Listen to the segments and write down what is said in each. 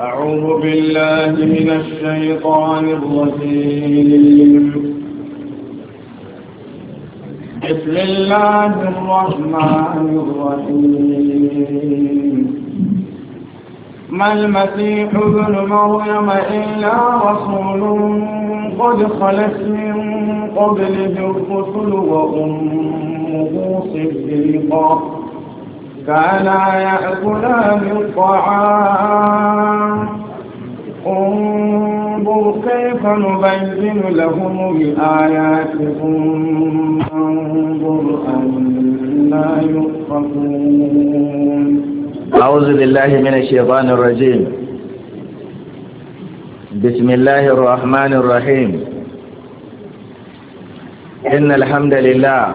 أعوذ بالله من الشيطان الرجيم بسم الله الرحمن الرحيم ما المسيح ابن مريم إلا رسول قد خلت من قبله الرسل وأمه صديقا كانا يأكلان الطعام انظر كيف نبين لهم الآيات انظر أنا يؤفكون أعوذ بالله من الشيطان الرجيم بسم الله الرحمن الرحيم إن الحمد لله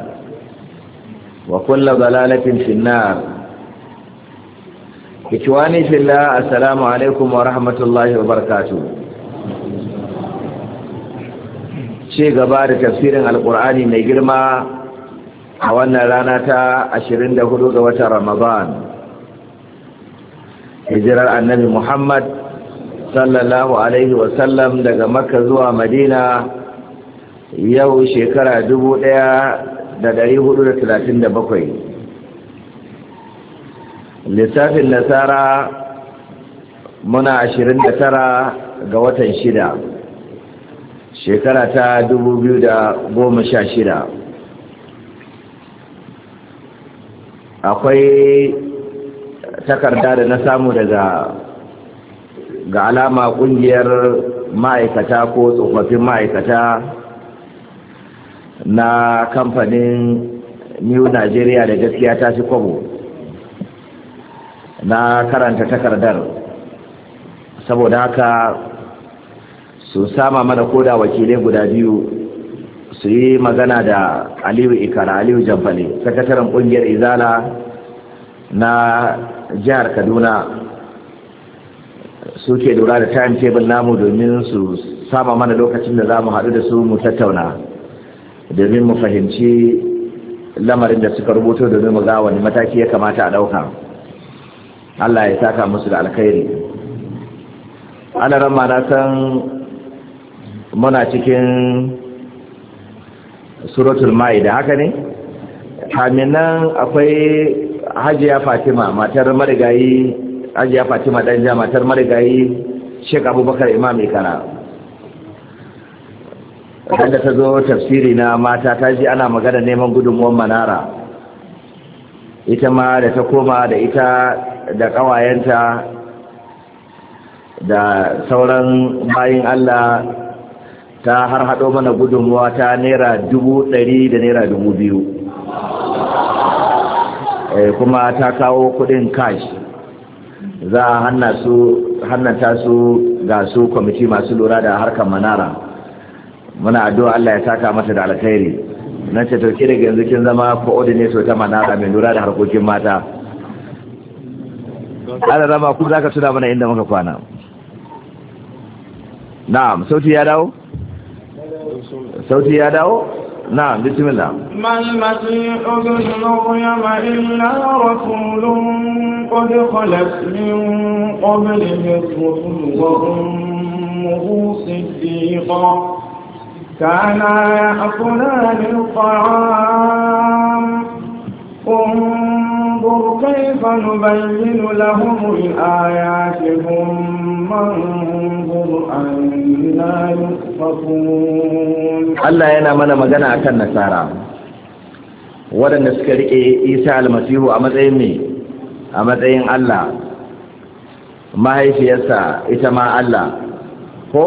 wa kulla dalalatin finnar ikiwani filla assalamu alaikum wa rahmatullahi wa barakatu ce gaba da tafsirin Alƙur'ani mai girma a wannan rana ta hudu ga watan ramadan hijirar annabi muhammad sallallahu alaihi wasallam daga makka zuwa madina yau shekara dubu ɗaya. da ɗari hudu da talatin da bakwai lissafin nasara muna ashirin da tara ga watan shida shekara ta dubu biyu da goma sha shida akwai takarda da na samu daga ga alama ƙungiyar ma'aikata ko tsofaffin ma'aikata na kamfanin new nigeria da gaskiya ta fi kwabo na karanta takardar saboda haka su sama mana koda wakilai guda biyu su yi magana da aliyu ikara aliyu jamfani sakataren kungiyar izala na jihar kaduna suke lura da timetable namu domin su sama mana lokacin da za mu haɗu da su mu tattauna domin mu fahimci lamarin da suka rubuto domin mu ga wani mataki ya kamata a ɗauka Allah ya saka musu da alkhairi ana ramma na san muna cikin suratul da haka ne kamin nan akwai hajiya fatima matar marigayi hajiya fatima danja matar marigayi shek abubakar imam kana da ta zo tafsiri na mata ta ji ana magana neman gudunmuwan manara ita ma da ta koma da ita da kawayenta da sauran bayin Allah ta har haɗo mana gudunmuwa ta naira dubu ɗari da naira dubu biyu eh, kuma ta kawo kudin kash za a hannata su ga su kwamiti masu lura da harkar manara muna addu'a Allah ya saka masa da alkhairi nan ce tauke daga yanzu kin zama coordinator ta manata mai lura da harkokin mata ana rama ku zaka tuna mana inda muka kwana na'am sauti ya dawo sauti ya dawo na'am bismillah mal masih ibn maryam illa rasulun qad khalat min qablihi rusul wa ummuhu siddiqah كانا يحصلان الطعام انظر كيف نبين لهم الآيات ثم انظر أنا يؤفكون الله ينا من مغنى أكن نسارا waɗanda suka riƙe isa almasihu a matsayin ne a matsayin allah mahaifiyarsa ita ma allah ko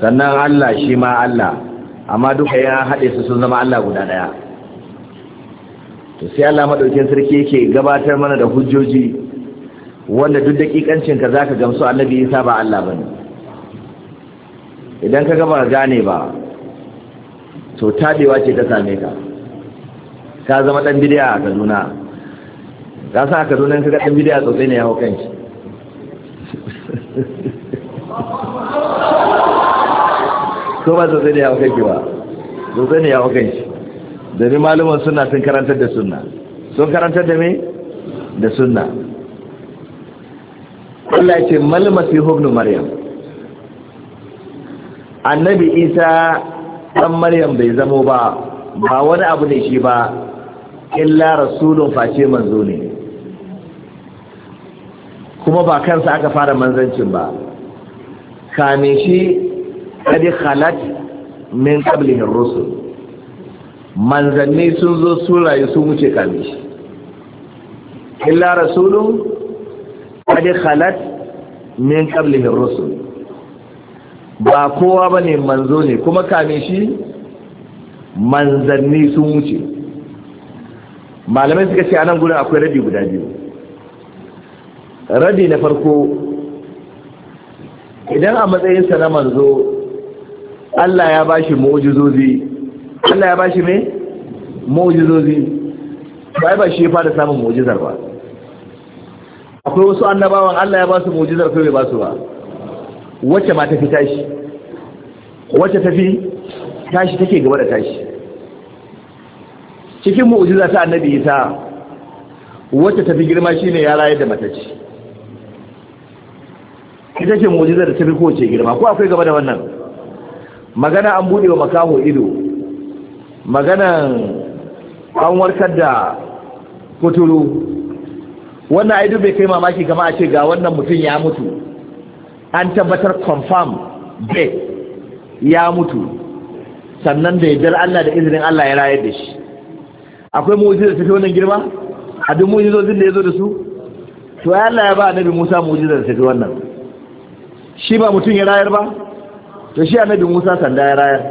sannan Allah shi ma Allah amma duka ya haɗe su sun zama Allah guda ɗaya to sai Allah madaukin sarki yake gabatar mana da hujjoji wanda duk za ka zaka gamsu annabi Isa ba Allah bane idan ka gaba gane ba to tadewa ce ta same ka ka zama dan bidiya a Kaduna ka sa Kaduna ka ga dan bidiya sosai ne ya hau kanki ko ba zai ne ya kai ba zai ne ya kai shi domin malaman suna sun karantar da sunna sun karantar da me da sunna Allah ce fi hubnu maryam annabi isa dan maryam bai zamo ba ba wani abu ne shi ba illa rasulun face manzo ne kuma ba kansa aka fara manzancin ba kame shi kadi khalat min qablihi rusul manzanni sun zo sura yi sun wuce kame shi illa rasulun kadi khalat min qablihi rusul ba kowa bane manzo ne kuma kame shi manzanni sun wuce malamai suka ce anan gurin akwai rabi guda biyu rabi na farko idan a matsayinsa na manzo Allah ya bashi mu'jizozi Allah ya bashi me mu'jizozi bai ba shi ya fara samun mu'jizar ba akwai wasu annabawan Allah ya ba su mu'jizar ko bai ba su ba wacce ma ta tashi wacce tafi tashi take gaba da tashi cikin mu'jiza ta annabi ita wacce tafi girma shine ya rayar da matace ita ce mu'jizar da tafi ko kowace girma ko akwai gaba da wannan magana an buɗe wa makaho ido magana an warkar da kuturu wannan ido bai kai mamaki kama a ce ga wannan mutum ya mutu an tabbatar confirm be ya mutu sannan da yadda Allah da izinin Allah ya rayar da shi akwai mu'jiza ta wannan girma a duk mu'jizozin da ya zo da su to ya Allah ya ba nabi Musa mu'jizar ta wannan shi ba mutum ya rayar ba to shi annabi Musa sanda ya rayar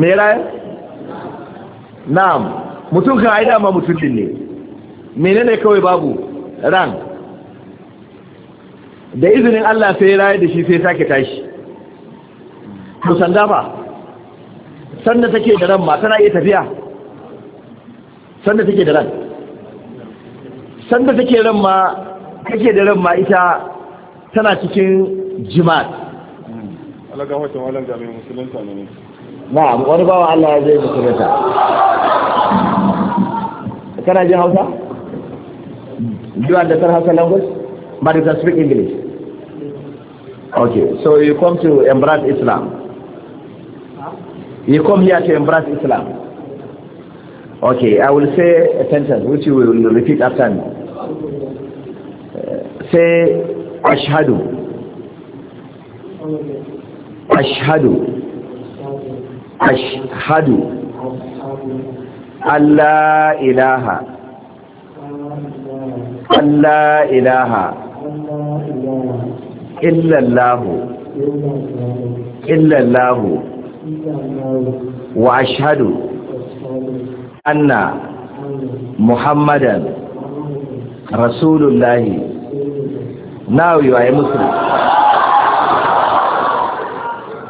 me rayar na'am mutum kan aida ma mutum din ne menene kawai babu ran da izinin Allah sai rayar da shi sai sake tashi to sanda ba sanda take da ran ma tana iya tafiya sanda take da ran sanda take ran ma take da ran ma ita tana cikin jima'a alagawa ta malam da mai musulunta wani bawa Allah ya zai musulunta kana jin hausa you understand hausa language but you can speak english okay so you come to embrace islam you come here to embrace islam okay i will say a sentence which you will repeat after me uh, say ashhadu ashhadu ashhadu Allah ilaha Allah ilaha illallahu illallahu wa ashhadu anna muhammadan rasulullahi now you are a muslim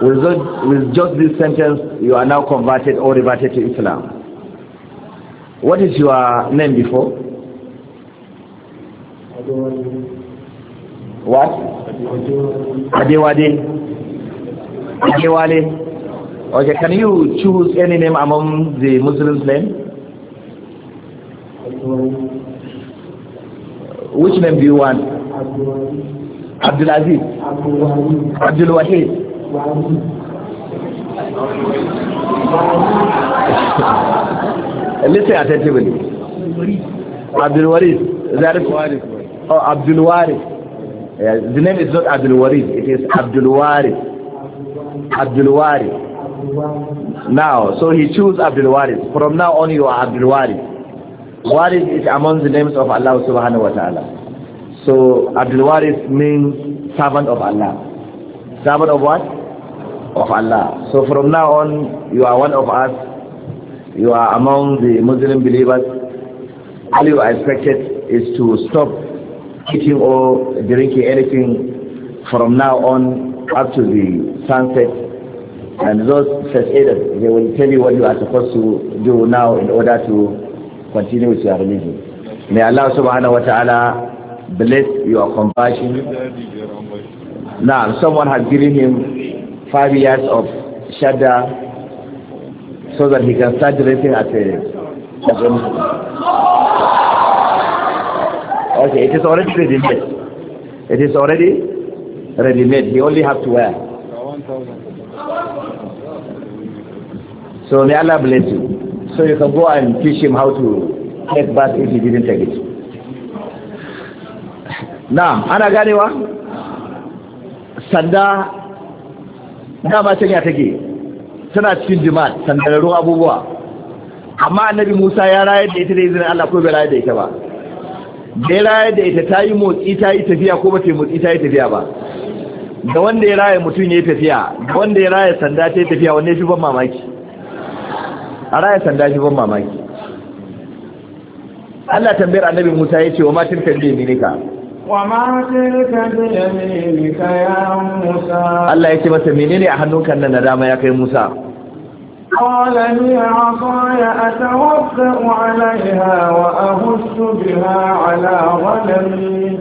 With just, with just this sentence, you are now converted or reverted to Islam. What is your name before? What? Adewade. Adewale. Okay, can you choose any name among the Muslims' name? Which name do you want? Abdulaziz. Abdul Wahid. listen attentively Abdul Abdulwaris. is that it? oh Abdul the name is not Abdulwaris, it is Abdulwari. Abdulwari. now so he choose Abdulwaris. from now on you are Abdulwari. Waris is among the names of Allah subhanahu wa ta'ala so Abdulwaris means servant of Allah servant of what? of Allah. So from now on, you are one of us. You are among the Muslim believers. All you are expected is to stop eating or drinking anything from now on up to the sunset. And those first aiders, they will tell you what you are supposed to do now in order to continue with your religion. May Allah subhanahu wa ta'ala bless your compassion. Now, someone has given him five years of shada so that he can start dressing as a, as Muslim. Okay, it is already ready-made. It is already ready-made. He only have to wear. So may Allah bless you. So you can go and teach him how to take bath if he didn't take it. Now, ana ganewa? Sanda dama can ya take tana cikin jima'a sandararru abubuwa amma annabi musa ya raye da ita da izinin allah ko bai raye da ita ba da ya rayar da ita ta yi motsi ta yi tafiya ko ba ta yi motsi ta yi tafiya ba da wanda ya raye mutum ya yi tafiya da wanda ya raye sanda ta yi tafiya wanne shi ban mamaki a raye sanda shi ban mamaki Allah tambayar annabi Musa ya ce wa matin tambaye ka Allah تلك بيمينك يا موسى الله masa menene a hannunka nan na dama ya kai Musa قال لي a أتوفأ عليها وأهش بها على غنمي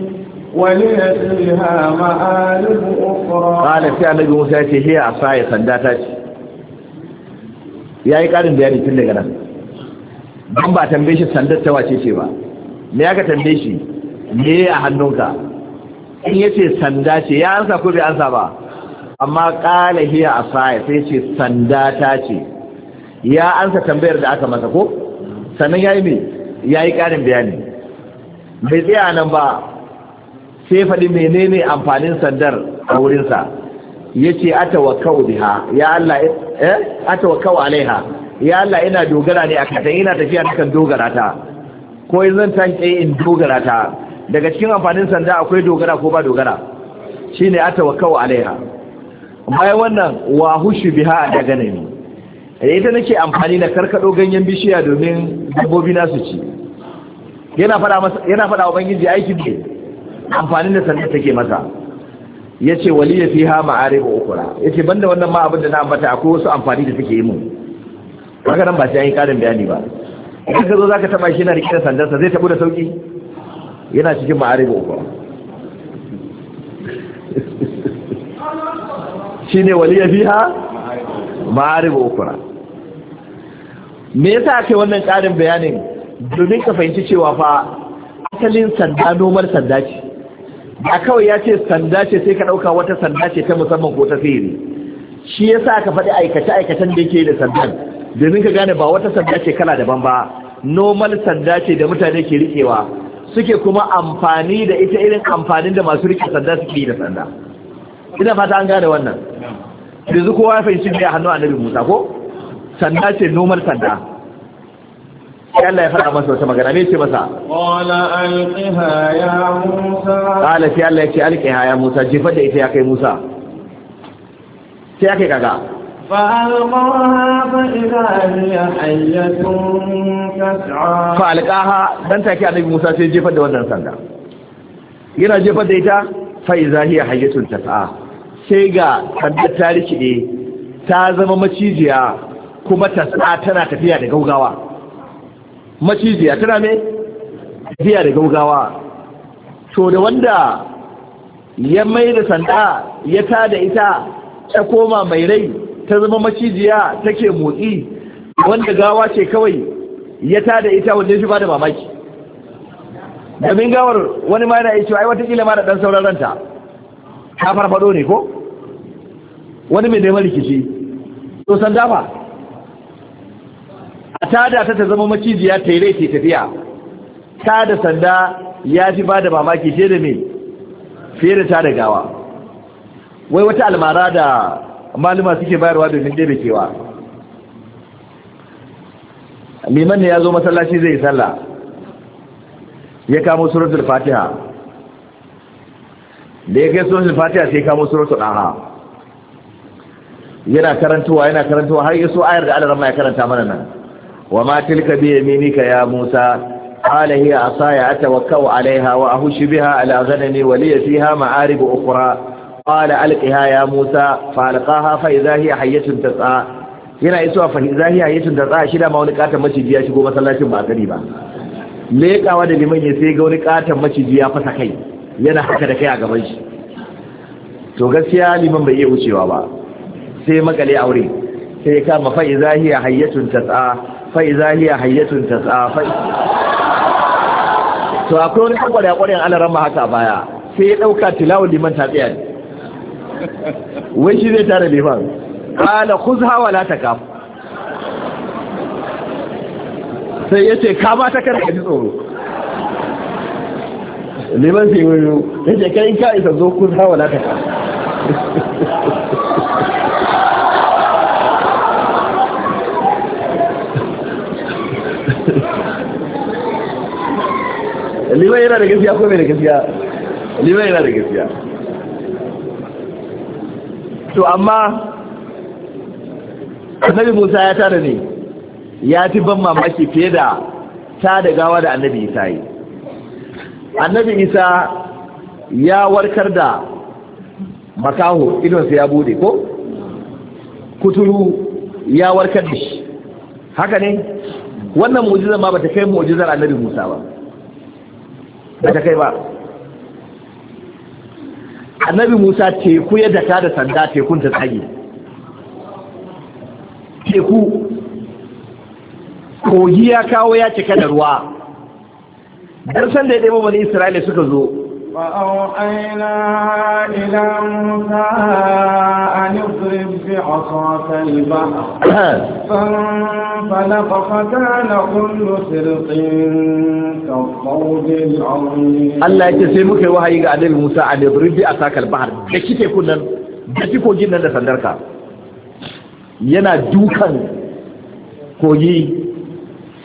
ولي فيها مآلب musa ya yi ƙarin ya tun daga nan ba tambaye shi sandar ta wace ce ba me ya ka tambaye shi me a hannunka in yace sanda ce ya ansa ko bai ansa ba amma qala hiya asaya sai ce sanda ta ce ya ansa tambayar da aka masa ko sannan yayi me yayi karin bayani bai tsaya nan ba sai faɗi menene amfanin sandar a wurinsa ya ce atawakkau biha ya Allah eh alaiha ya Allah ina dogara ne a ina tafiya kan dogara ta ko yanzu zan tanke in dogara ta daga cikin amfanin sanda akwai dogara ko ba dogara Shi ne tawa kawo alaiha bayan wannan wa hushi biha da ganami eh, ita nake amfani na karkado ganyen bishiya domin dabbobi na su ci yana fada wa bangiji aiki ne amfanin da sanda take masa yace waliya fiha ba ukura Ya ce banda wannan ma abin da na ambata akwai wasu amfani da take yi mu kaga nan ba sai an yi karin bayani ba idan ka zo ka taba shi na rikin da sandarsa zai tabu da sauki yana cikin ma'aribu ba shi ne waliya ha? ma'aribu ukura me yasa ake wannan ƙarin bayanin domin ka fahimci cewa fa asalin sanda nomar sanda ce ba kawai ya ce sanda ce sai ka ɗauka wata sanda ce ta musamman ko ta sihiri shi sa ka faɗi aikace-aikacen da yake da sandan domin ka gane ba wata sanda ce kala daban ba nomar sanda ce da mutane ke riƙewa suke kuma amfani da ita irin amfanin da masu rike sanda suke yi da sanda ina fata an gane wannan yanzu kowa ya fahimci ne a hannun musa ko sanda ce nomar sanda sai Allah ya faɗa masa wata magana me ce masa qala alqiha ya musa qala sai Allah ya ce alqiha ya musa jifa da ita ya kai musa sai ya kai kaga فألقاها فإذا هي حية تسعى فألقاها دان تاكي النبي موسى سي جيفر da wannan sanda yana jefar da ita fa iza hiya hayyatun tas'a sai ga sanda tarihi rikide ta zama macijiya kuma ta tas'a tana tafiya da gaugawa macijiya tana me tafiya da gaugawa to da wanda ya mai da sanda ya ta da ita ta koma mai rai ta zama macijiya take motsi wanda gawa ce kawai ya tada ita wanda shi ba da mamaki domin gawar wani ma yana cewa ai watakila ma da dan sauran ranta ta farfado ne ko wani mai neman rikici to san dafa a tada ta ta zama macijiya ta yi rai ke tafiya tada sanda ya fi ba da mamaki fiye da mai fiye da tada gawa wai wata almara da maluma suke bayarwa domin ɗebe kewa liman ne ya zo masallaci zai yi sallah ya kamo suratul fatiha da ya kai suratul fatiha sai kamo suratul aha yana karantuwa yana karantuwa har yaso ayar da Allah ya karanta mana nan wa ma tilka bi yaminika ya Musa ya hiya asaya atawakkau alaiha wa ahushi biha ala ghanami wa liya fiha ma'arib ukhra qala alqiha ya musa fa alqaha fa idha hiya hayyatun tas'a yana iso fa idha hiya hayyatun tas'a shi da ma wani katon maciji ya shigo masallacin ba gari ba leƙawa da liman ya sai ga wani katon maciji ya fasa kai yana haka da kai a gaban shi to gaskiya liman bai iya wucewa ba sai makale aure sai kama fa idha hiya hayyatun tas'a fa idha hiya to akwai wani kware-kwaren alaran ma haka baya sai ya ɗauka tilawar liman tafiya ne wai shi zai tara liman kala khuzha wala kafa sai ya ka ba ta karka ji tsoro liman sai ya ce kai ka isa zo khuzha wala kafa liman yana da gaskiya ko bai da gaskiya liman yana da gaskiya to amma annabi musa ya tara ne ya fi ban mamaki fiye da ta da gawa da annabi isa yi annabi isa ya warkar da makaho idonsa ya bude ko kuturu ya warkar da shi haka ne wannan mu'jizar ma ta kai mu'jizar annabi musa ba ba ta kai ba annabi musa teku ya daka da sanda tekun ta tsage teku kogi ya kawo ya cika da ruwa darsan da ya ɗaya bani isra'ila suka zo Fa auna ilan musa, a ni buturin bai a kusa ni ba. Fanfala kofa tana kundu Allah ya ce sai muka ka yi wahayi ga Alayyu Musa a leburu biyu a sakar Bahar. Daki teku nan, daki ko gin nan da sandar Yana dukan kogi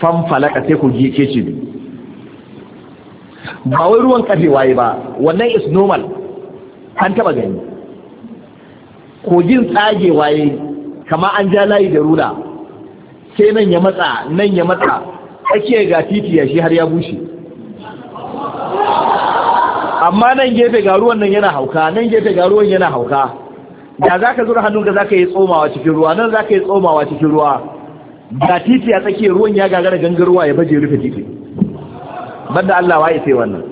fanfala sai kogi ko kai ba wai ruwan kafe waye ba wannan is normal an taba gani kogin tsage waye kama an ja layi da rula sai nan ya matsa nan ya matsa ake ga titi ya shi har ya bushe amma nan gefe ga ruwan nan yana hauka nan gefe ga ruwan yana hauka da za ka zura hannunka za ka yi tsomawa cikin ruwa nan za ka yi tsomawa cikin ruwa ga titi a tsakiyar ruwan ya gagara gangarwa ya baje rufe titi banda Allah waye sai wannan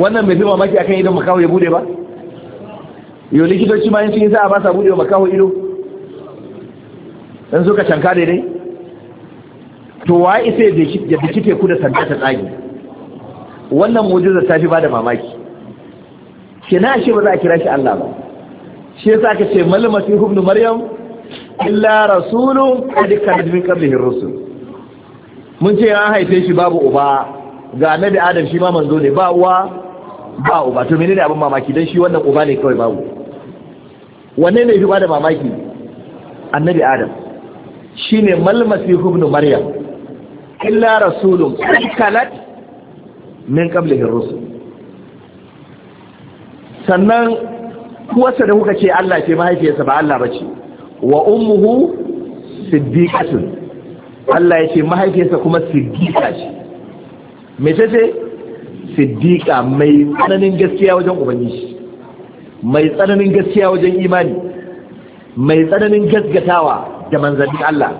wannan bai fi mamaki akan idan makaho ya bude ba yau likitoci ma yin cikin sa'a ba sa bude wa makaho ido dan suka canka daidai to waye sai ya kike ku da sanda ta tsagi wannan mu'jiza ta fi bada mamaki kina ashe ba za a kira shi Allah ba shi yasa aka ce mal ibn maryam illa rasulun qad kana min qablihi rusul mun ce an haife shi babu uba ga annabi adam shi ma manzo ne ba uwa ba uba to menene abin mamaki dan shi wannan uba ne kawai babu wanne ne shi ba da mamaki annabi adam shine malmasihu ibn maryam illa rasulun kalat min qablihi rusul sannan kuwarsa da kuka ce Allah ce mahaifiyarsa ba Allah bace wa ummuhu siddiqatun Allah ya ce mahaifiyarsa kuma siddiƙa ce me ce ce siddiqa mai tsananin gaskiya wajen ubangiji mai tsananin gaskiya wajen imani mai tsananin gaskatawa da manzannin Allah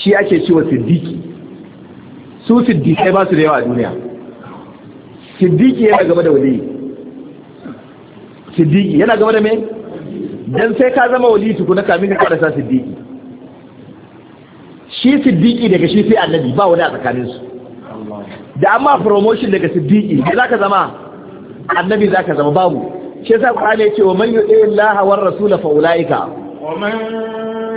shi ake cewa siddiƙi su siddiƙai ba su da yawa a duniya siddiƙi yana gaba da wali siddiƙi yana gaba da me dan sai ka zama wali tukuna kamin ka karasa siddiƙi shi siddiƙi daga shi sai annabi ba wani a tsakaninsu da amma promotion daga siddiƙi da za ka zama annabi za ka zama babu shi sa ƙwa ne ce wa man yuɗe Allah wa rasula fa ulaika ومن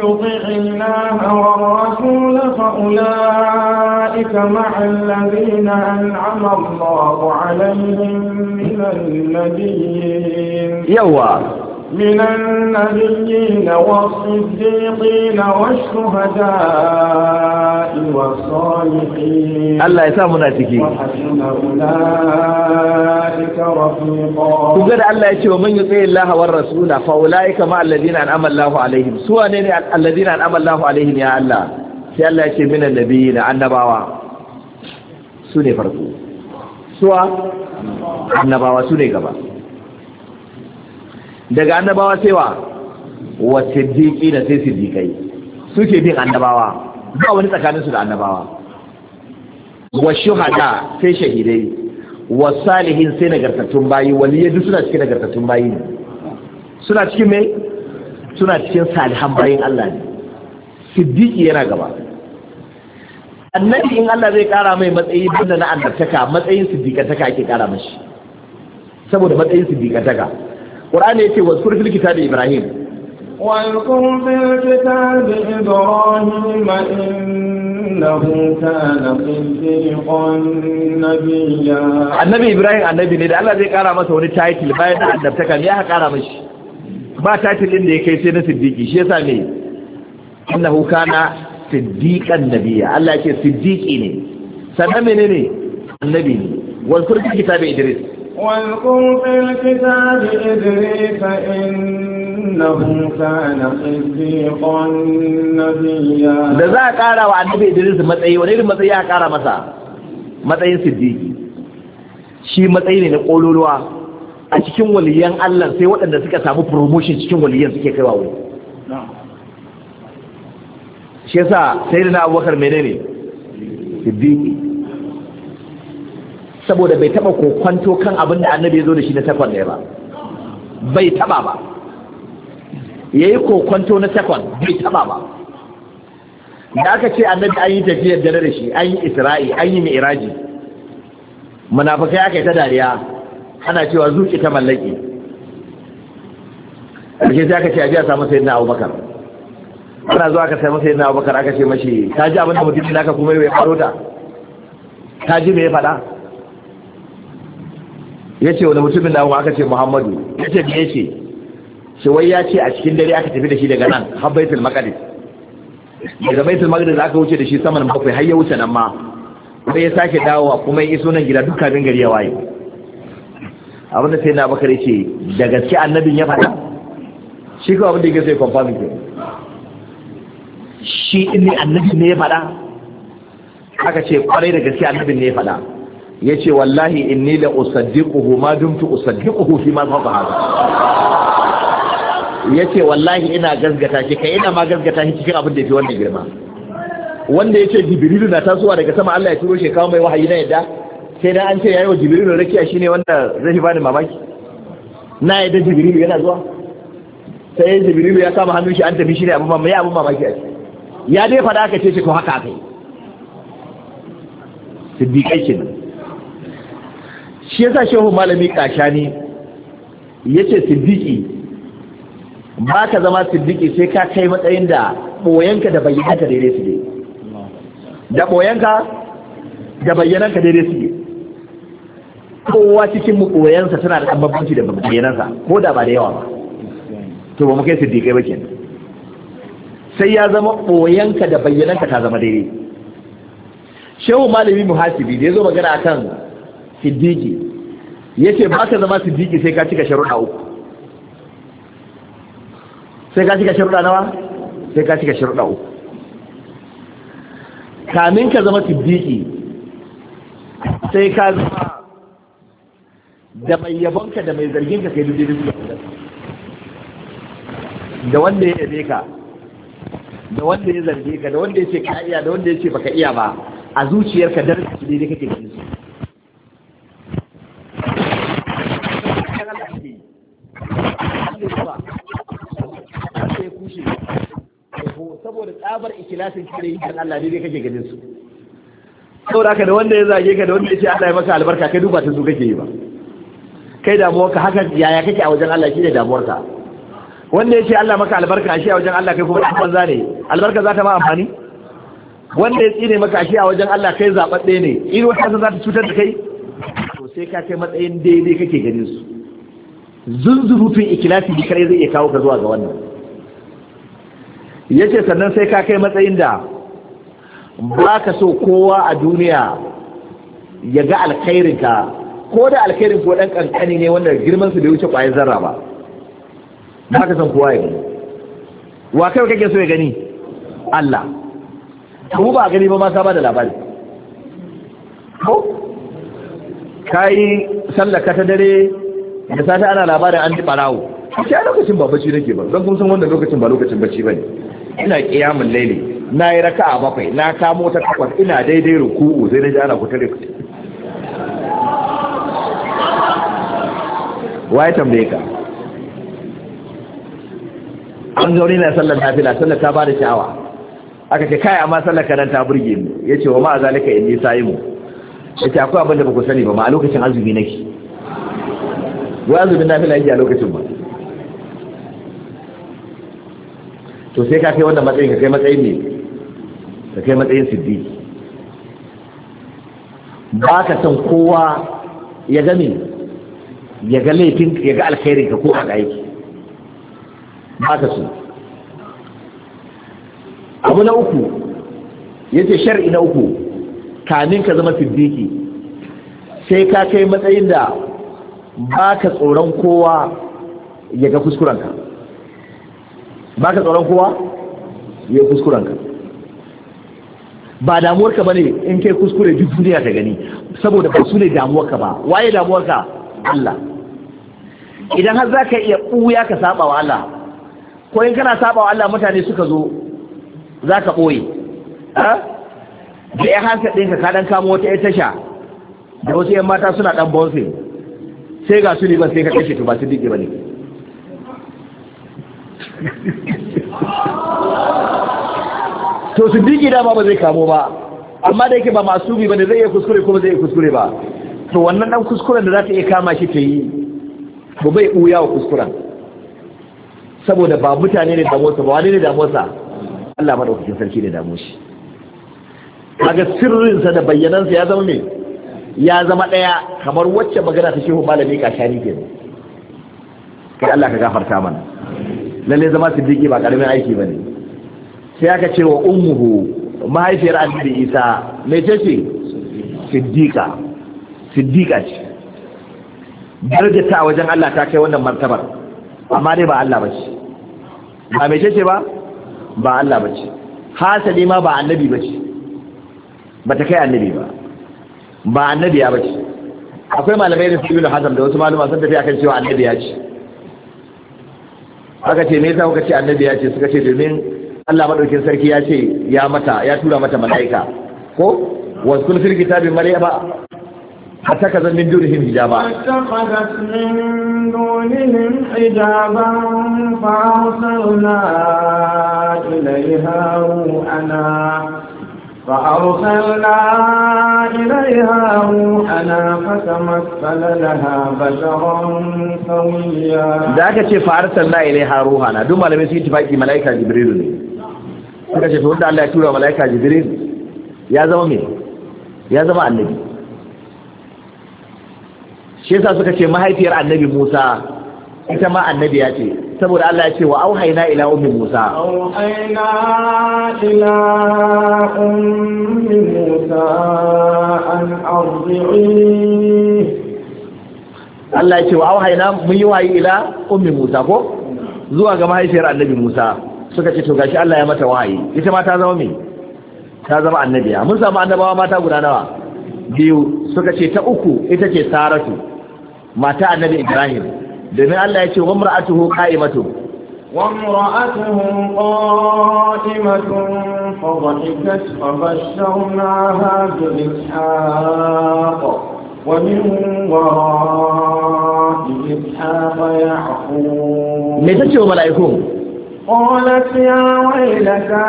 يطع الله والرسول فأولئك مع الذين أنعم الله عليهم من النبيين Yawwa. من النبيين والصديقين والشهداء والصالحين الله يسامنا تكي وحسن أولئك رفيقا تقول الله يتي ومن يطيع الله والرسول فأولئك مع الذين أنعم الله عليهم سواء الذين أنعم الله عليهم يا الله sai Allah ya ce min annabiyina annabawa su ne farko suwa annabawa su ne gaba daga annabawa cewa wace wa da sai siddiqai suke bin annabawa ba wani tsakanin su da annabawa wa shuhada sai shahidai wa salihin sai nagartattun bayi Wani yadda suna cikin nagartattun bayi ne suna cikin mai suna cikin salihan bayin Allah ne siddiqi yana gaba annabi in Allah zai kara mai matsayi banda na annabtaka matsayin siddiqataka ake kara mashi saboda matsayin siddiqataka qur'ani yace wa sur fil kitabi ibrahim واذكر في الكتاب إبراهيم إنه كان صديقا نبيا Annabi Ibrahim annabi ne da Allah zai kara masa wani title bayan da annabtaka ne ya kara mashi ba title din da ya kai sai na siddiqi shi yasa ne innahu kana siddiqan nabiyya Allah yake siddiqi ne sannan menene annabi ne wal kurbi kitabi Idris واذكر في الكتاب إدريس إنه كان صديقا نبيا da za a ƙara wa annabi Idris matsayi wani irin matsayi a ƙara masa matsayin shi matsayi ne na ƙololuwa a cikin waliyan Allah sai waɗanda suka samu promotion cikin waliyan suke kai wawo shi yasa sai da na abubakar menene siddiqi saboda bai taba kokwanto kan abin da annabi ya zo da shi na takwan ɗaya ba bai taba ba ya yi kokwanto na takwan bai taba ba da aka ce annabi an yi tafiyar dare da shi an yi isra'i an yi mi'iraji munafikai aka yi ta dariya ana cewa zuci ta mallaki ake sai aka ce a ji a samu na abubakar ana zuwa aka samu na abubakar aka ce mashi ta ji abin da mutum da aka kuma ya faro ta ta ji me ya faɗa ya ce wani mutumin na aka ce muhammadu ya ce ya ce shi wai ya ce a cikin dare aka tafi da shi daga nan har baitul maqdis daga baitul maqdis aka wuce da shi saman bakwai har ya wuce nan ma sai ya sake dawowa kuma ya iso nan gida duk kafin gari ya waye abin da sai na bakar ce da gaske annabin ya faɗa shi ko abin da yake sai confirm ke shi inni annabin ne ya faɗa aka ce kwarai da gaske annabin ne ya faɗa yace wallahi inni la usaddiquhu ma dumtu usaddiquhu fi ma faqa hada yace wallahi ina gazgata shi kai ina ma gazgata shi cikin abin da yake wannan girma wanda ya ce jibrilu na tasowa daga sama Allah ya turo shi kawo mai wahayi na yadda sai dan an ce yayi wa jibrilu rakiya shine wanda zai bani mamaki na yadda jibrilu yana zuwa sai jibrilu ya kama hannun shi an tafi shine abin mamaki abin mamaki a ya dai fada aka ce shi ko haka kai siddiqai kenan shi yasa shehu malami ya ce siddiƙi ba ka zama siddiƙi sai ka kai matsayin da ɓoyanka da bayyananka daidai su ne da ɓoyanka da bayyananka daidai su ne kowa cikin mu ɓoyansa tana da bambanci da bayyanansa ko da ba da yawa ba to ba mu kai siddiƙai ba kenan sai ya zama ɓoyanka da bayyananka ta zama daidai shehu malami muhasibi da ya zo magana akan siddiqi yace ba ka zama siddiqi sai ka cika sharuɗa uku sai ka cika sharuɗa nawa sai ka cika sharuɗa uku kamin ka zama siddiqi sai ka zama da mai yabonka da mai zargin ka kai duk da da wanda ya yabe ka da wanda ya zarge ka da wanda ya ce ka iya da wanda ya ce baka iya ba a zuciyarka darasi ne kake ganin su kushe ba ya kushe saboda tsabar ikilasin kire yi kan Allah ne dai kake ganin su saboda haka da wanda ya zage ka da wanda ya ce Allah ya maka albarka kai duk duba ta su kake yi ba kai damuwar ka haka yaya kake a wajen Allah shine damuwar ka wanda ya ce Allah maka albarka shi a wajen Allah kai kuma dan banza ne albarka za ta ma amfani wanda ya tsine maka shi a wajen Allah kai zababbe ne in wata za ta cutar da kai to sai ka kai matsayin daidai kake ganin su zunzurutun ikilasi ne kare zai iya kawo ka zuwa ga wannan yace sannan sai ka kai matsayin da ba ka so kowa a duniya ya ga alkhairinka ko da alkhairin ko dan kankani ne wanda girman su bai wuce kwayar zarra ba ba ka san kowa ya wa kai kake so ya gani Allah ko ba gani ba ma ka da labari ko kai sallaka ta dare da sata ana labarin an ji farawo shi a lokacin ba bacci nake ba zan kusan san lokacin ba lokacin bacci bane ina kiyamun laili na yi raka a bakwai na kamo ta takwas ina daidai ruku'u sai na ji ana kutare kutare waye tambaye ka an zaune na sallar nafila sallar ta bada sha'awa aka ce kai amma sallar ka nan ta burge ni yace wa ma yi inni saimu yace akwai abin da ba ku sani ba ma a lokacin azumi nake wai azumin nafila yake a lokacin ba to sai ka kai wannan matsayin ka kai matsayin ne ka kai matsayin siddi ba ka san kowa ya gami ya ga laifin ya ga alkhairin ka ko a aiki ba ka so abu na uku ya ce shar'i na uku kamin ka zama siddiki sai ka kai matsayin da ba ka tsoron kowa ya ga kuskurenka ba ka tsoron kowa ya ga kuskurenka ba damuwarka ba ne in kai kuskure duk duniya ta gani saboda ba su ne damuwarka ba waye damuwarka Allah idan har za ka iya ɓuya ka saba wa Allah ko in kana saba wa Allah mutane suka zo za ka ɓoye da ya hansa ɗinka ka ɗan kamo wata ya tasha da wasu ‘yan mata suna ɗan bonsin sai ga su ba sai ka kashe to ba su dike ba ne to su dike dama ba zai kamo ba amma da yake ba masu bi ba ne zai iya kuskure kuma zai iya kuskure ba to wannan dan kuskuren da za ta iya kama shi ta yi ba bai uya wa kuskuren saboda ba mutane ne sa ba wani ne sa Allah maɗaukakin sarki ne damu shi kaga sirrinsa da bayyanansa ya zama ne ya zama ɗaya kamar wacce magana ta shehu malami kashani ke kai Allah ka gafarta mana lalle zama siddiqi ba karamin aiki bane sai aka ce wa ummuhu mahaifiyar annabi Isa me ce ce siddiqa siddiqa ce darjata wajen Allah ta kai wannan martabar amma dai ba Allah bace ba me ce ce ba ba Allah bace hasali ma ba annabi bace bata kai annabi ba ba annabiya ba ce akwai malamai da ibnu hazm da wasu malama sun tafi akan cewa annabiya ce aka ce me yasa kuka ce annabiya ce suka ce domin Allah madaukin sarki ya ce ya mata ya tura mata mala'ika ko wasu fil kitabin maryama hatta من min durihim hijaba دونهم حجابا فأرسلنا إليها روحنا فأرسلنا إليها روحنا فتمثل لها بشرا سويا ذاك ce فأرسلنا إليها روحنا duk malamai sun tafaki malaika jibril ne suka ce wanda Allah ya tura malaika jibril ya zama me ya zama annabi shi suka ce mahaifiyar annabi Musa ita ma annabi ya ce saboda Allah ya ce wa haina ila ummi Musa auhayna ila ummi Musa an arzi'i Allah ya ce wa haina mun yi wayi ila ummi Musa ko zuwa ga mahaifiyar Annabi Musa suka ce to gashi Allah ya mata wayi ita ma ta zama me ta zama annabiya mun samu annabawa mata guda nawa biyu suka ce ta uku ita ce Saratu mata Annabi Ibrahim domin Allah ya ce wa mar'atuhu qa'imatu wa mar'atuhu qa'imatun fa dhahikat fa bashsharnaha bi ishaq wa min wara'i ishaq ya'qub me tace wa mala'iku قالت يا ويلتى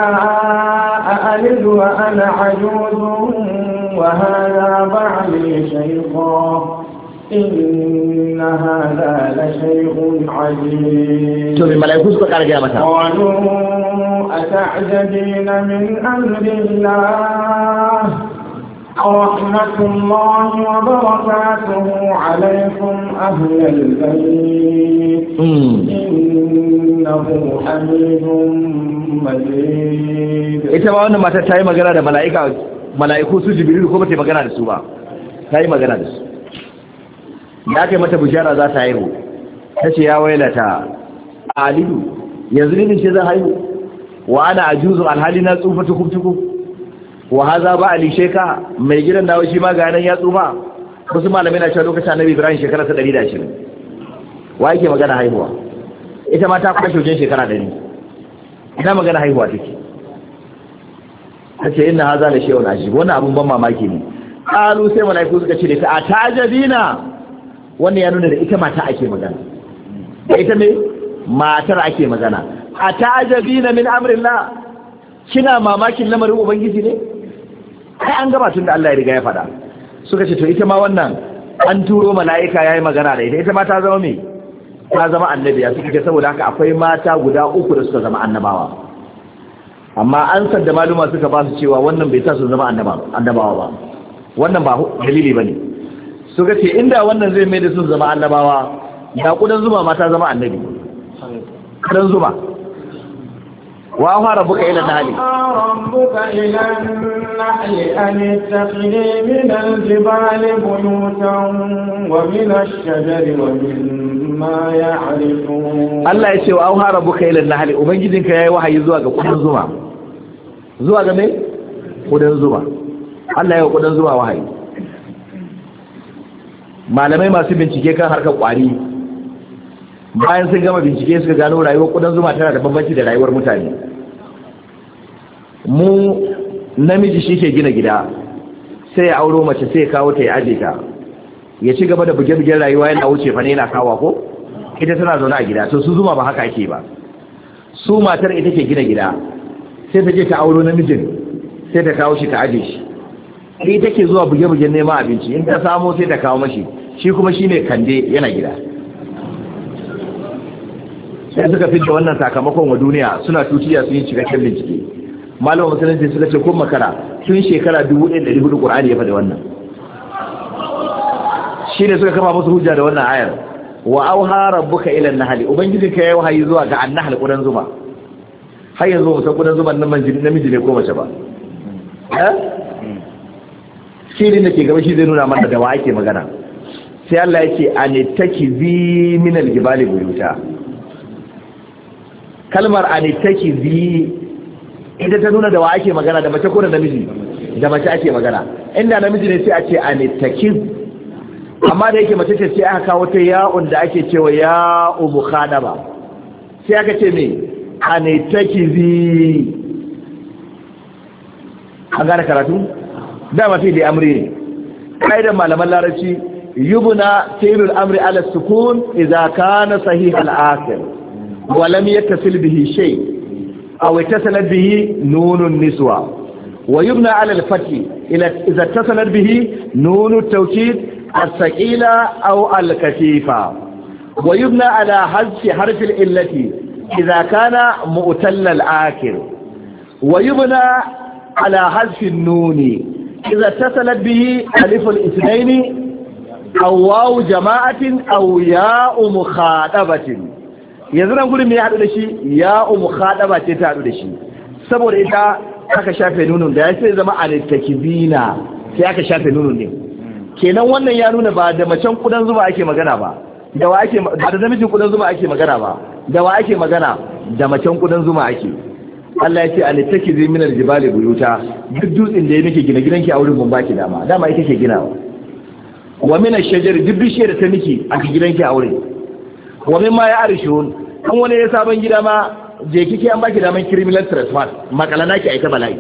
أألد وأنا عجوز وهذا بعلي شيخا إن هذا لشيء عجيب شوف الملائكة سبق على قيامتها قالوا أتعجبين من أمر الله رحمة الله وبركاته عليكم أهل البيت إنه حميد مجيد ita ma wannan matar ta yi magana da mala'ika mala'iku su jibril ko ba ta magana da su ba ta yi magana da su Ya ce mata bujara za ta haihu ta ce ya wailata alidu yanzu ne ce zan haihu wa ana ajuzu alhali na tsufa tukutuku wa haza ba ali sheka mai gidan nawa shi ma ga nan ya tsufa wasu malamai na cewa lokacin annabi ibrahim shekara ta 120 wa yake magana haihuwa ita ma ta kuma wajen shekara 100 ina magana haihuwa take ta ce inna haza la shay'un ajib wannan abun ban mamaki ne qalu sai malaiku suka ce ta ajabina wannan ya nuna da ita mata ake magana da ita ne matar ake magana a na min amrillah kina mamakin lamarin ubangiji ne ai an gaba tun da Allah ya riga ya fada suka ce to ita ma wannan an turo mala'ika yayi magana da ita ita ma ta zama me ta zama annabiya suka ce saboda haka akwai mata guda uku da suka zama annabawa amma an sadda maluma suka ba su cewa wannan bai ta su zama annabawa ba wannan ba dalili bane suka ce inda wannan zai mai da sun zama annabawa da kudan zuma ma ta zama annabi kudan zuma wa fara buka ila nahli rabbuka ila nahli an takhli min al-jibal buyutan wa min ash-shajari wa mimma ya'rifun Allah ya ce wa fara buka ila nahli ubangijinka yayi wahayi zuwa ga kudan zuma zuwa ga me kudan zuma Allah ya kudan zuma wahayi malamai masu bincike kan harkar kwari bayan sun gama bincike suka gano rayuwar kudan zuma tana da bambanci da rayuwar mutane mu namiji shi ke gina gida sai ya auro mace sai ya kawo ta ya aje ta ya ci gaba da buge-bugen rayuwa yana wuce fa ne yana kawa ko ita tana zaune a gida to su zuma ba haka ake ba su matar ita ke gina gida sai ta je ta auro namijin sai ta kawo shi ta aje shi ita ke zuwa buge-bugen neman abinci in ta samo sai ta kawo mashi shi kuma shi ne kande yana gida sai suka da wannan sakamakon wa duniya suna tutiya sun yi cikakken bincike malamin musulunci suka ce kun makara tun shekara 1400 da ya faɗi wannan shi ne suka kama musu hujja da wannan ayar wa auha rabbuka ila na hali ubangiji ka yi wahayi zuwa ga an-nahl kudan zuma har yanzu ba kudan zuman nan na namiji ne ko mace ba eh? shi ne da ke gaba shi zai nuna mana da wa ake magana sai Allah yake anittakizi min aljibali buyuta kalmar anittakizi idan ta nuna da wa ake magana da mace ko da namiji da mace ake magana inda namiji ne sai a ce anittaki amma da yake mace ce sai aka kawo ta ya'un da ake cewa ya'u mukhadaba sai aka ce me anittakizi an gane karatu dama sai da amri ne kaidan malaman larabci يبنى سير الأمر على السكون إذا كان صحيح العاقل ولم يتصل به شيء أو اتصلت به نون النسوة ويبنى على الفتح إذا اتصلت به نون التوكيد الثقيلة أو الكثيفة ويبنى على حذف حرف العلة إذا كان مؤتل الآكل ويبنى على حذف النون إذا اتصلت به ألف الاثنين hawawu jama'atin aw ya'u mukhadabatin yanzu nan gurin me ya hadu da shi ya'u mukhadaba ce ta hadu da shi saboda ita aka shafe nunun da ya sai zama al-takbina sai aka shafe nunun ne kenan wannan ya nuna ba da macen kudan zuba ake magana ba da wa ake ba da namijin kudan zuba ake magana ba da wa ake magana da macen kudan zuma ake Allah ya ce a littaki zai minar jibali buyuta duk dutsen da ya nake gina gidanki a wurin baki dama dama ita ke ginawa wa min ash-shajar duk da ta miki a gidan ki aure wa min ma ya arshun kan wani ya sabon gida ma je kike an baki daman criminal trespass makala naki aita bala'i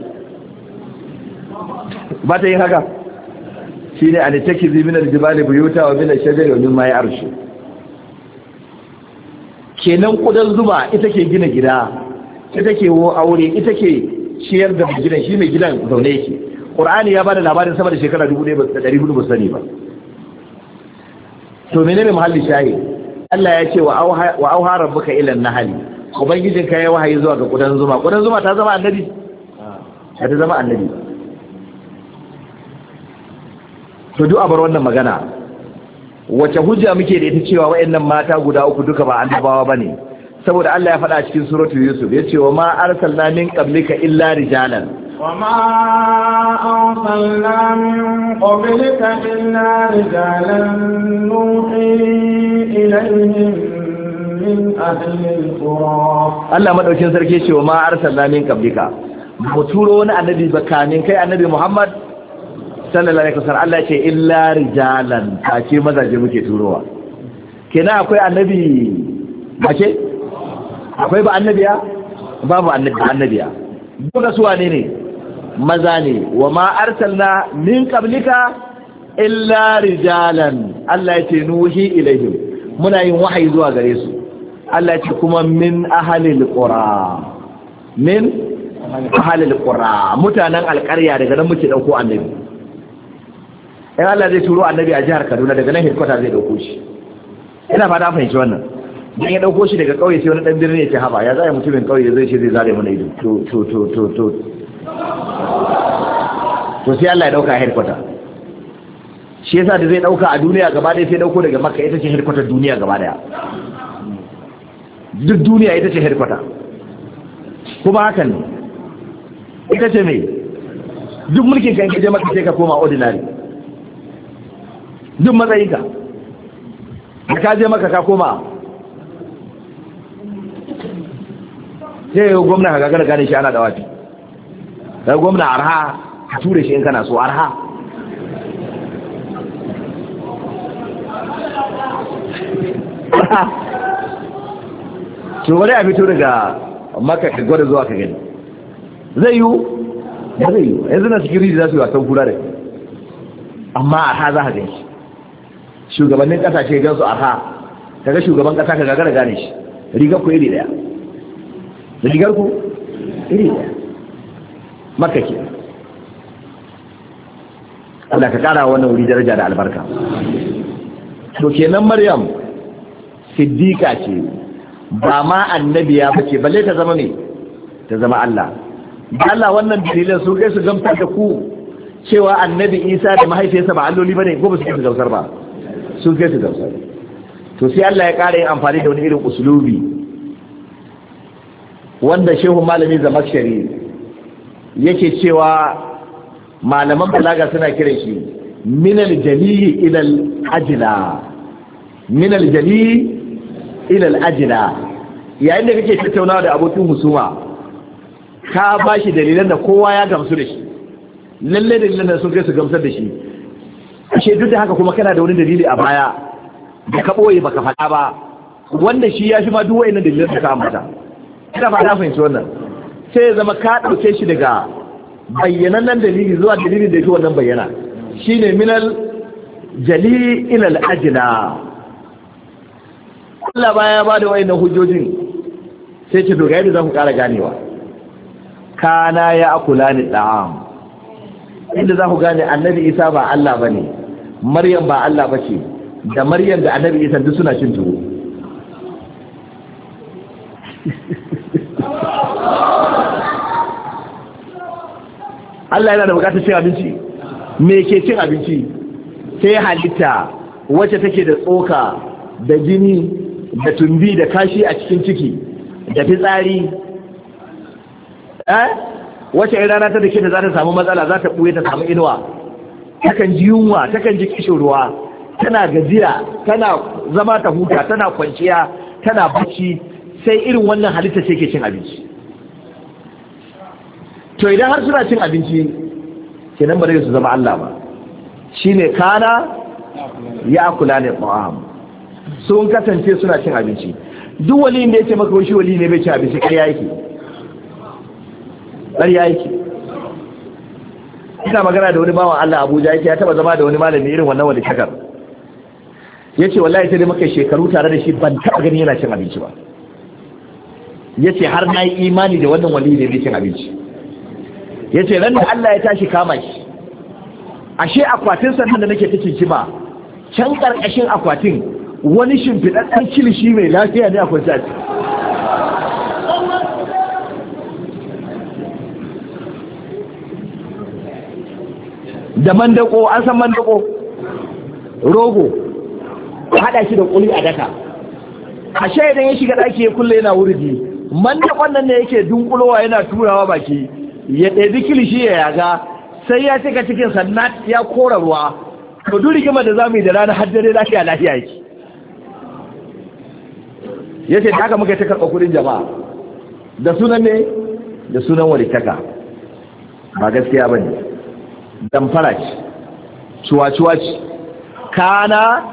ba ta yin haka Shi an takizi min al-jibali buyuta wa min ash-shajar wa min ma ya arshun kenan kudan zuba ita ke gina gida ita ke wo aure ita ke ciyar da gidan shi mai gidan zaune yake qur'ani ya bada labarin sama da shekara 1400 ba sani ba to menene muhalli shayi Allah ya ce wa auha rabbuka ila nahli ubangijin ka ya wahayi zuwa ga kudan zuma kudan zuma ta zama annabi ta zama annabi to duk abar wannan magana wace hujja muke da ita cewa wayannan mata guda uku duka ba annabawa bane saboda Allah ya faɗa cikin suratul yusuf yace wa ma arsalna min qablika illa rijalan وما أرسلنا من قبلك إلا رجالا نوحي إليهم Allah أهل sarki ce wa دوكين سركي شي وما أرسلنا من wani annabi bakanin kai annabi Muhammad sallallahu alaihi wasallam Allah ce illa rijalan ce mazaje muke turowa Kina akwai annabi ake akwai ba annabiya babu annabiya duka suwa ne ne maza ne wa ma arsalna min qablika illa rijalan Allah ya ce nuhi ilaihim muna yin wahayi zuwa gare su Allah ya ce kuma min ahlil qura min ahlil qura mutanen alƙarya daga nan muke dauko annabi ya Allah zai turo annabi a jihar Kaduna daga nan headquarter zai dauko shi ina fata fahimci wannan dan ya dauko shi daga kauye sai wani dan birni ya ce haba ya zaya mutumin kauye zai ce zai zare mana ido to to to to to sai Allah ya dauka headquarter shi yasa da zai dauka a duniya gaba daya sai dauko daga makka ita ce headquarter duniya gaba daya duk duniya ita ce headquarter kuma hakan ita ce mai duk mulkin ka yanke maka sai ka koma ordinary duk matsayinka ka ka je maka ka koma sai yau gwamna ka gagara gane shi ana da wafi sai gwamna arha ka tura shi in kana so arha to wani a daga maka ka gwada zuwa ka gani zai yiwu ba zai yiwu yanzu na cikin za su yi wasan kura da amma arha za ka gani shugabannin kasashe gansu su arha kaga shugaban kasa ka gagara gane shi rigar ku iri daya rigar ku iri daya maka ke Allah ka kara wannan wuri daraja da albarka to kenan maryam siddiqa ce ba ma annabiya ba ce balle ta zama ne ta zama Allah Allah wannan dalilan su kai su gamsar da ku cewa annabi Isa da mahaifiyarsa ba alloli bane ko ba su kai su gamsar ba sun kai su gamsar to sai Allah ya kara yin amfani da wani irin usulubi wanda shehu malami zamakshari yake cewa malaman balaga suna kiran shi minal jali ilal ajila minal jali ilal ajila yayin da kake tattaunawa da abokin musuma ka ba shi dalilan da kowa ya gamsu da shi lalle dalilan da sun kai su gamsar da shi ashe duk da haka kuma kana da wani dalili a baya da ka boye baka faɗa ba wanda shi ya fi ma duk wayannan dalilan da ka ambata ina ba na fahimci wannan sai ya zama ka ɗauke shi daga nan dalili zuwa dalilin da shi wannan bayyana shine minal jali ilal ajla Allah baya ba da wayannan hujjojin sai ce dogaye da ku kara ganewa kana ya akula ni da'am inda za ku gane annabi isa ba Allah ba ne, maryam ba Allah bace da maryam da annabi isa duk suna cin tuwo Allah yana da bukatar cin abinci me ke cin abinci sai halitta wacce take da tsoka da jini da tumbi da kashi a cikin ciki da fitsari eh wacce ai rana ta dake da za ta samu matsala za ta buye ta samu inuwa takan ji yunwa takan ji kishin ruwa tana gajiya tana zama ta huta tana kwanciya tana bacci sai irin wannan halitta ce ke cin abinci to idan har suna cin abinci kenan nan bari su zama Allah ba Shi ne kana ya kula ne ta'am sun kasance suna cin abinci duk wali ne ce maka wani wali ne bai ci abinci ƙarya yake ƙarya yake ina magana da wani bawan Allah Abuja yake ya taba zama da wani malami irin wannan wani Ya yace wallahi sai dai maka shekaru tare da shi ban taɓa gani yana cin abinci ba yace har na yi imani da wannan wali ne bai cin abinci ya ce ran da Allah ya tashi kama shi ashe akwatin sannan da nake ta kinkima can ƙarƙashin akwatin wani shimfiɗaɗɗen kilishi mai lafiya ne a kwanci da mandako an san mandako rogo haɗa shi da ƙuli a daka ashe idan ya shiga ɗaki ya kulle yana wurgi mandakon nan ne yake dunkulowa yana turawa baki ya ɗaiɗi kilishi ya yaga sai ya cika cikin sannan ya kora ruwa to duk rigimar da zamu yi da rana har dare lafiya lafiya yake ya da haka muka cika karɓa kuɗin jama'a da sunan ne da sunan wani taka ba gaskiya bane fara ci cuwa-cuwa ci kana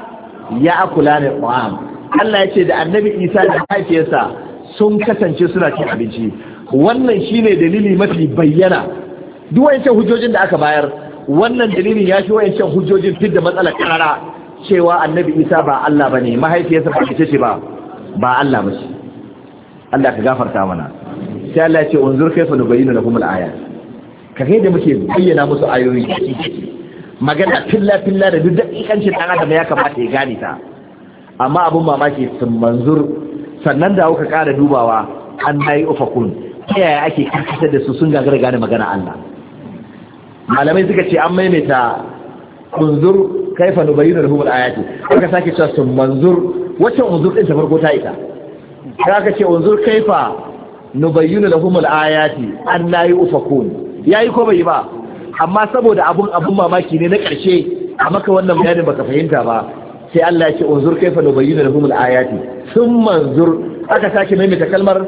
ya akula ne ƙwa'am Allah ya ce da annabi isa da haifiyarsa sun kasance suna cin abinci wannan shine dalili mafi bayyana duk wayancan hujjojin da aka bayar wannan dalilin ya shi wayancan hujjojin fit da matsalar karara cewa annabi isa ba Allah bane mahaifiyarsa ba ita ce ba ba Allah ba ce Allah ka gafarta mana sai Allah ya ce unzur kaifa nubayyinu lakum al-ayat ka kai da muke bayyana musu ayoyi magana filla filla da duk dakikancin dan adam ya kamata ya gane ta amma abin mamaki sun manzur sannan da wuka kara dubawa an nayi ufakun ta yaya ake karkatar da su sun gagara gane magana Allah malamai suka ce an maimaita unzur kaifa nubayyinu lahum al-ayati aka sake cewa sun manzur wacce unzur din ta farko ta ita sai aka ce unzur kaifa nubayyinu lahum al-ayati an la Ya yayi ko bai ba amma saboda abun abun mamaki ne na karshe a maka wannan bayanin baka fahimta ba sai Allah ya ce unzur kaifa nubayyinu lahum al-ayati sun manzur aka sake maimaita kalmar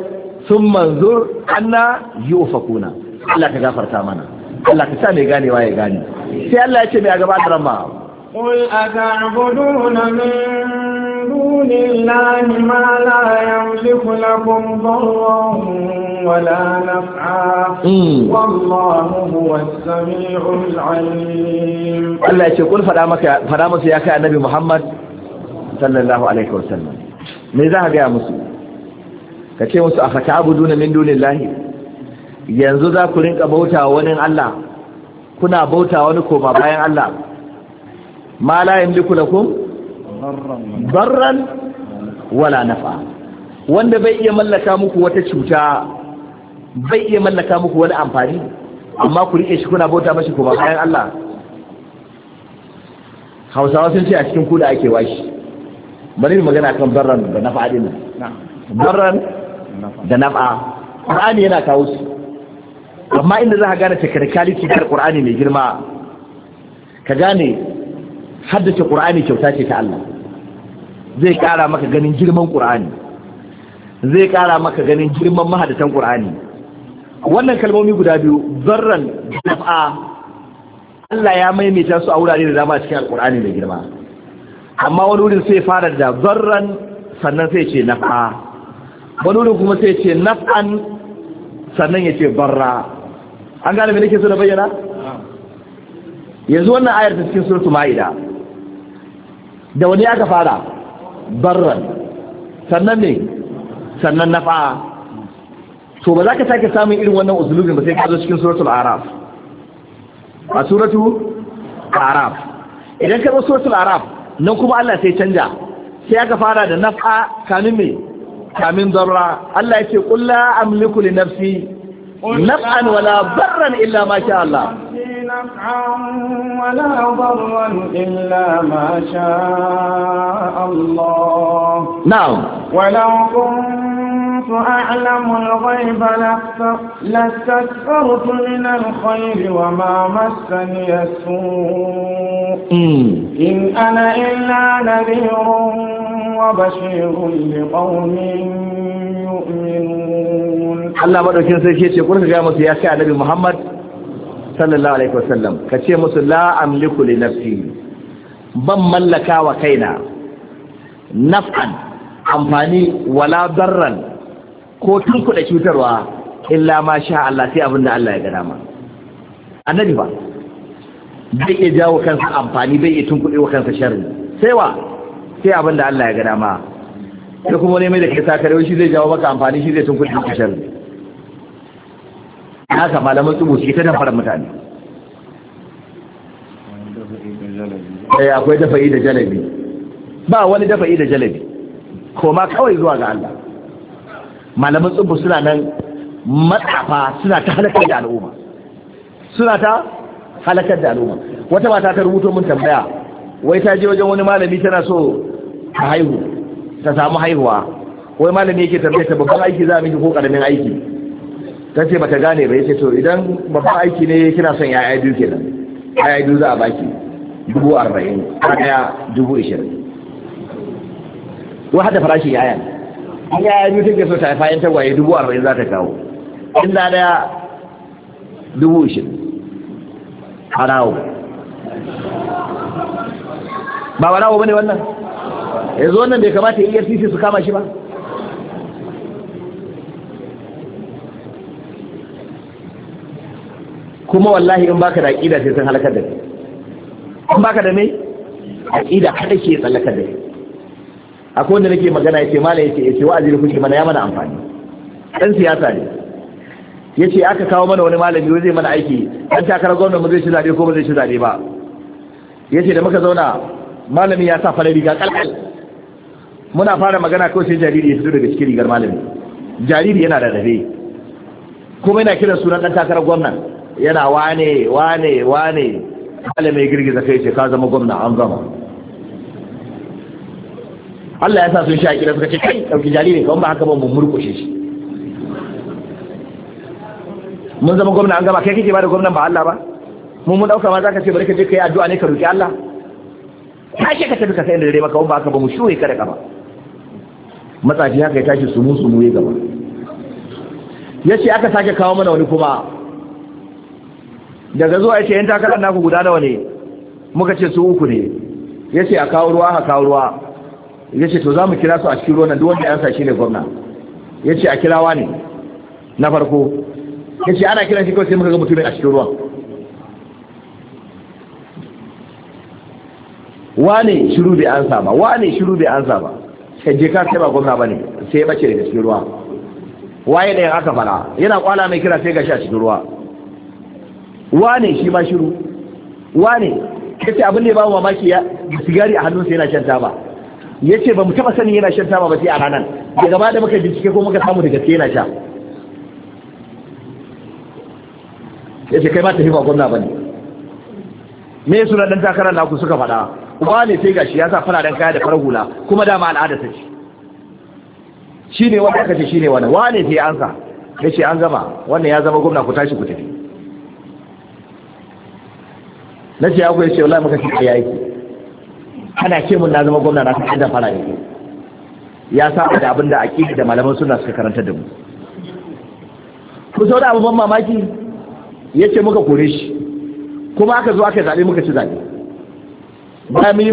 sun manzur anna yufakuna Allah ka gafarta mana Allah ka sa mai ganewa ya gane sai Allah ya ce mai a gaba da ramma قل أتعبدون من دون الله ما لا يملك لكم ضرا ولا نفعا والله هو السميع العليم الله يقول فرامك فرامك يا كأنبي محمد صلى الله عليه وسلم ماذا هذا يا مسلم ka ce musu a fata abu duna min lahi yanzu za ku rinka bauta wani Allah kuna bauta wani koma bayan Allah ma la da kun? barran wala nafa wanda bai iya mallaka muku wata cuta bai iya mallaka muku wani amfani amma ku rike shi kuna bauta mashi koma bayan Allah Hausawa sun ce a cikin kuda ake washi bari magana kan barran da nafa din nan barran da naf'a qur'ani yana kawo su amma inda za ka gane technicality ta qur'ani mai girma ka gane haddace qur'ani kyauta ce ta Allah zai kara maka ganin girman qur'ani zai kara maka ganin girman mahadatan qur'ani wannan kalmomi guda biyu zarran naf'a Allah ya maimaita su a wurare da dama cikin alqur'ani mai girma amma wani wurin sai fara da zarran sannan sai ce nafa wani kuma sai ce naf'an sannan ya ce barra an gane me nake so da bayyana yanzu wannan ayar ta cikin suratul maida da wani aka fara barran sannan ne sannan nafa to ba za ka sake samun irin wannan usulubin ba sai ka zo cikin suratul araf a suratu araf idan ka zo suratul araf nan kuma Allah sai canja sai aka fara da naf'a kanin me kamin darra Allah ya ce qul la amliku li nafsi naf'an wala darran illa ma sha Allah ولا ضرا إلا ما شاء الله نعم ولو كنت أعلم الغيب لاستكثرت من الخير وما مسني السوء إن أنا إلا نذير وبشير لقوم يؤمنون الله مدوكين سيكي تقول لك يا مسيا النبي محمد صلى الله عليه وسلم كشي مسو لا أملك لنفسي بم ملكا kaina naf'an, amfani wala darran ko tunkuɗa cutarwa illa ma sha Allah sai abin da Allah ya ga dama annabi ba bai iya jawo kansa amfani bai iya tunkuɗe wa kansa sharri sai wa sai abin da Allah ya ga dama ya kuma wani mai da ke yau shi zai jawo maka amfani shi zai tun kudin Ya haka malamin tsubu shi ta damfara mutane ɗaya eh, akwai dafa'i da jalabi ba wani dafa'i da jalabi koma kawai zuwa ga Allah Malamin tsubu suna nan matsafa suna ta halakar da al'umma suna ta halakar da al'umma wata mata ta rubuto mun tambaya wai ta je wajen wani malami tana so ta haihu ta samu haihuwa wai malami yake tambaye ta babban aiki za a miki ko karamin aiki ta ce bata gane ba yace to idan babban aiki ne kina son yaya biyu kenan yaya biyu za a baki dubu arba'in a daya dubu ishirin wa hada farashin yaya an yaya biyu take so ta haifa yan tagwaye dubu arba'in za ta kawo in da daya dubu ishirin harawo ba rawo bane wannan yanzu wannan bai kamata iya e efcc su kama shi ba kuma wallahi in baka da aqida sai sun halakar da kai in baka da mai aqida kada ke tsallakar da kai akwai wanda nake magana yace mala yace yace wa'azi da kuke mana ya mana amfani dan siyasa ne yace aka kawo mana wani malami wai zai mana aiki dan takarar gwamnati mu zai ci zabe ko ba zai ci zabe ba yace da muka zauna malami ya sa fara riga kalkal muna fara magana ko sai jariri ya fito daga cikin rigar malami jariri yana da rabe kuma yana kiran sunan ɗan takarar gwamnan yana wane wane wane malamai girgiza kai ce ka zama gwamna an zama Allah ya sa sun sha kira suka ce kai dauki jariri kuma ba haka ba mun murƙushe shi mun zama gwamna an gaba kai kike ba da gwamnan ba Allah ba mun mun dauka ma za ka ce bari ka je ka yi addu'a ne ka roki Allah tashi ka tafi ka sayar da dare maka ba ka ba mu shure ka kama. matsafi haka ya tashi sumu sumu ya gaba Ya ce aka sake kawo mana wani kuma daga zuwa ya ce yan takarar naku guda nawa ne muka ce su uku ne Ya ce a kawo ruwa a kawo ruwa ce to za mu kira su a cikin ruwan duk wanda ya sa shi ne gwamna Ya ce a kirawa ne na farko Ya ce ana kiran shi kawai sai muka ga mutumin a cikin ruwan wane shiru bai ansa ba wane shiru bai ansa ba sai je ka sai ba gwamna bane sai bace da cikin ruwa waye da aka fara yana kwala mai kira sai gashi a cikin ruwa wane shi ma shiru wane kace abin da ya bamu mamaki ya sigari a hannunsa yana shan taba yace ba mu taba sani yana shan taba ba sai a ranan daga ba da muka bincike ko muka samu da gaske yana sha yace kai ba ta hifa gwamna bane me suna dan takarar naku suka faɗa uba ne sai gashi ya sa fararen kaya da farar hula kuma dama al'ada ta ce shi ne wanda aka ce shi ne wani wane sai an sa ya ce an zama, wannan ya zama gwamna ku tashi ku tafi na ce ya kuwa ya ce wallahi muka ce ya yi ana ce mun na zama gwamna na kasance da ne ya sa da abin da ake da malaman suna suka karanta da mu ku sau da abubuwan mamaki ya ce muka kore shi kuma aka zo aka zaɓe muka ci zaɓe ba mu